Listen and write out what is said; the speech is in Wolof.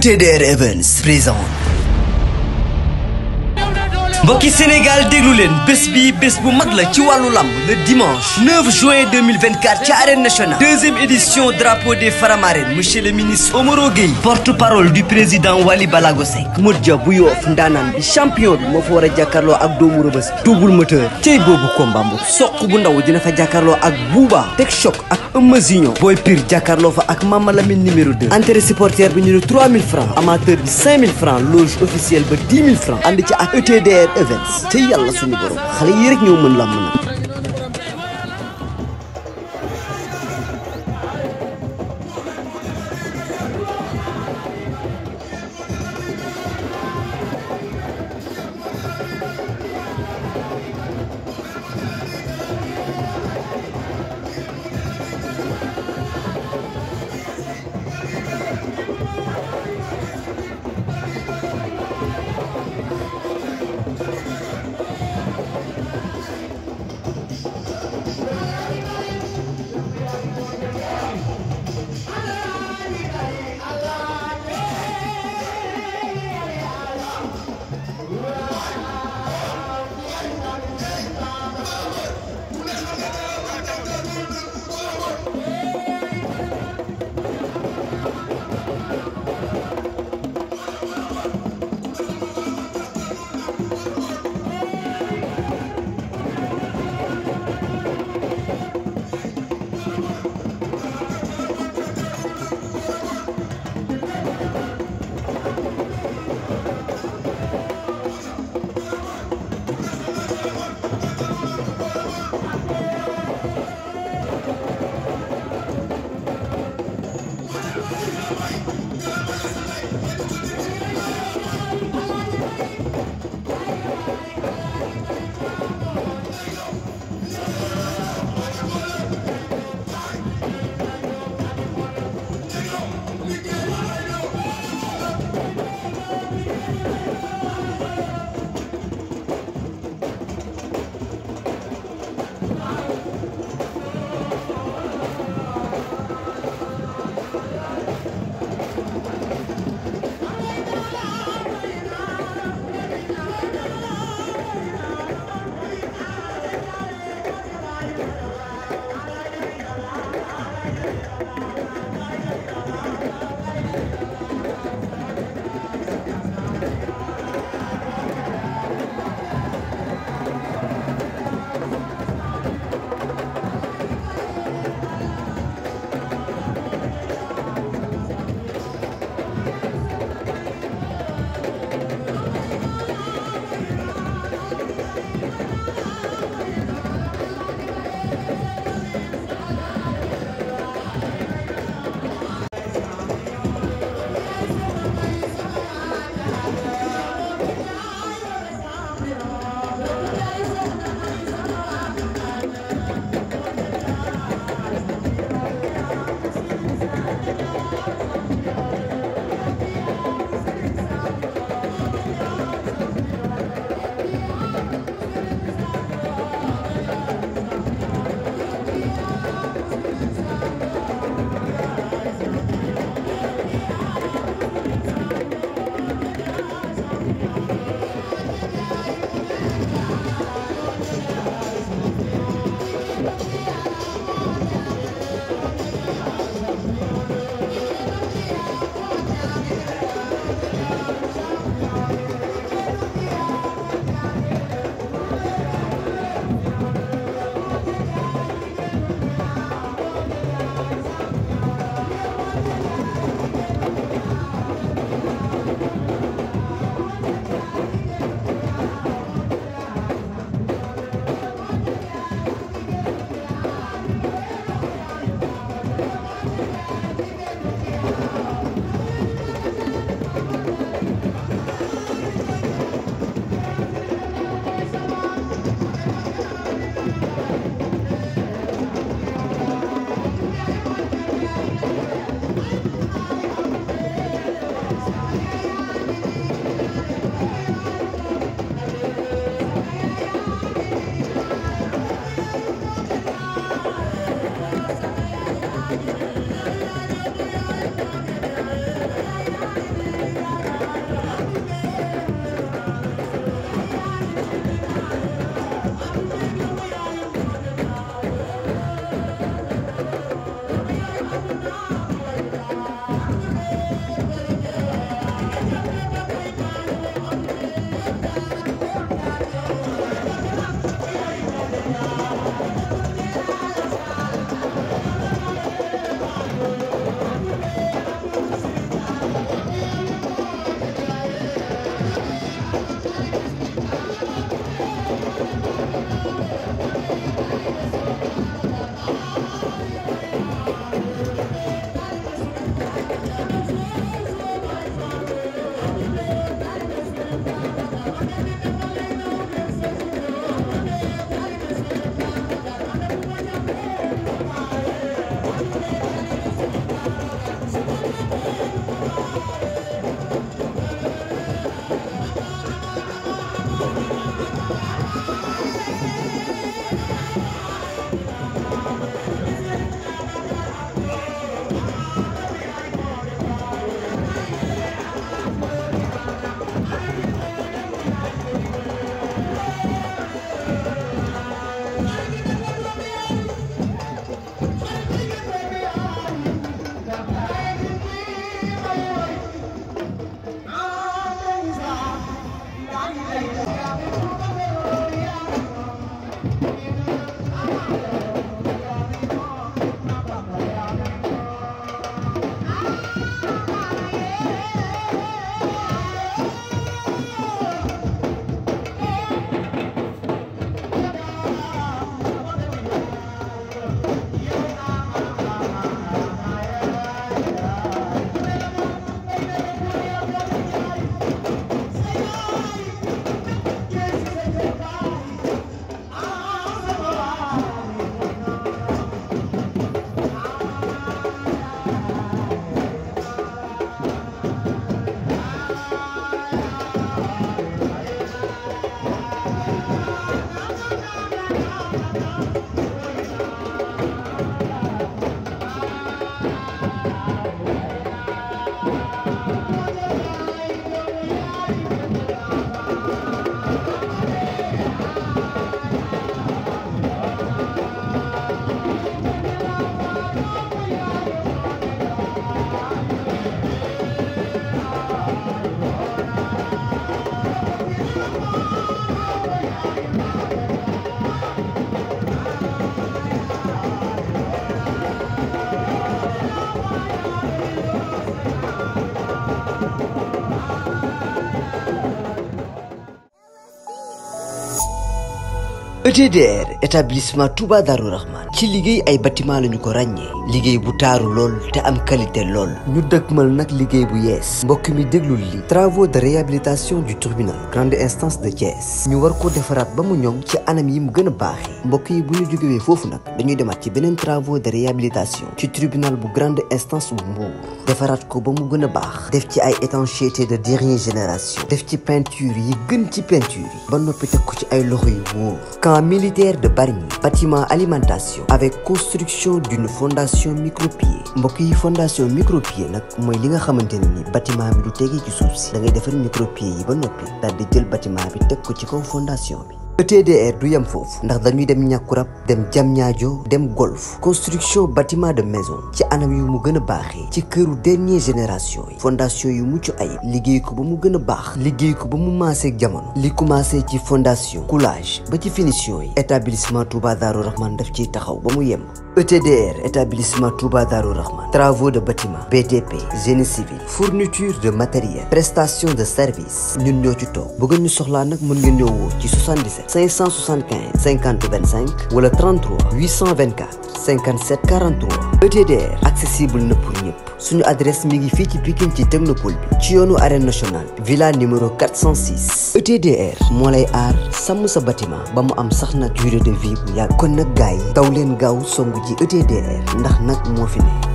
Today Evans Prison. mbokki Sénégal déglu leen bés bi bés bu mag la ci wàllu lamb le dimanche 9 juin 2024 ci arène nationale deuxième édition drapeau des Faramaren monsieur le ministre Omaro Gueye porte-parole du président Wali Balago Seck Modou Dia bu Yoof ndaanaan bi champion bi moo fa war a jàkkaarloo ak doomu Rëbës bi double moteur tey boobu combat bu soq bu ndaw dina fa jàkkaarloo ak Bouba Tek Choc ak Eumeu Junior Boy Pire jàkkaarloo fa ak Mama Lamine numéro 2 entrée supporter bi ñu ne 3000 Events te yàlla suñu borom xale yi rek ñoo mën làmb nag what you did. établissement Touba Darou Rahman ci liguey ay bâtiment lañu ko ragné liguey bu taru lol te am qualité lol ñu dëkkmal nak liguey bu yees mbokk mi li travaux de réhabilitation du tribunal grande instance de Thiès ñu war ko défarat ba mu qui ci anam yi mu gëna a mbokk yi bu ñu jógewee fofu nak dañuy ci travaux de réhabilitation ci tribunal bu grande instance bu mour défarat ko ba mu gëna a def ci ay étanchéité de dernière génération def ci peinture yi gën ci peinture yi ba noppi teg ci ay militaire de bâtiment alimentation avec construction d'une fondation micropieux Mboki fondation micropieux nak moy li nga xamanteni ni bâtiment bi du est ci si da ngay micropieux yi ba vous dal di jël bâtiment bi fondation que TDR du yem foofu ndax dañuy dem ñàkkurab dem ñaajo dem golf construction bâtiment de maison ci anam yu mu gën a baaxee ci këru dernier génération yi fondation yu mucc ay liggéey ko ba mu gën a baax liggéey ko ba mu maasee jamono li commencé ci fondation coulage ba ci finition yi établissement Touba Darou Rahman daf ciy taxaw ba mu yem ETDR, établissement Touba Rahman. Travaux de bâtiment, BDP génie civil, fourniture de matériel, prestation de services. ñun ñoo ci nous 77 575 50 25 le 33 824 57 43 ETDR accessible ne pour suñu adresse mi ngi fii ci Pikine ci technopole bi ci arène nationale villa numéro 406 ETDR moo lay samu sàmm sa bâtiment ba mu am saxna de vie bu ya kon nag gars yi daw gaaw ji ETDR ndax nak fi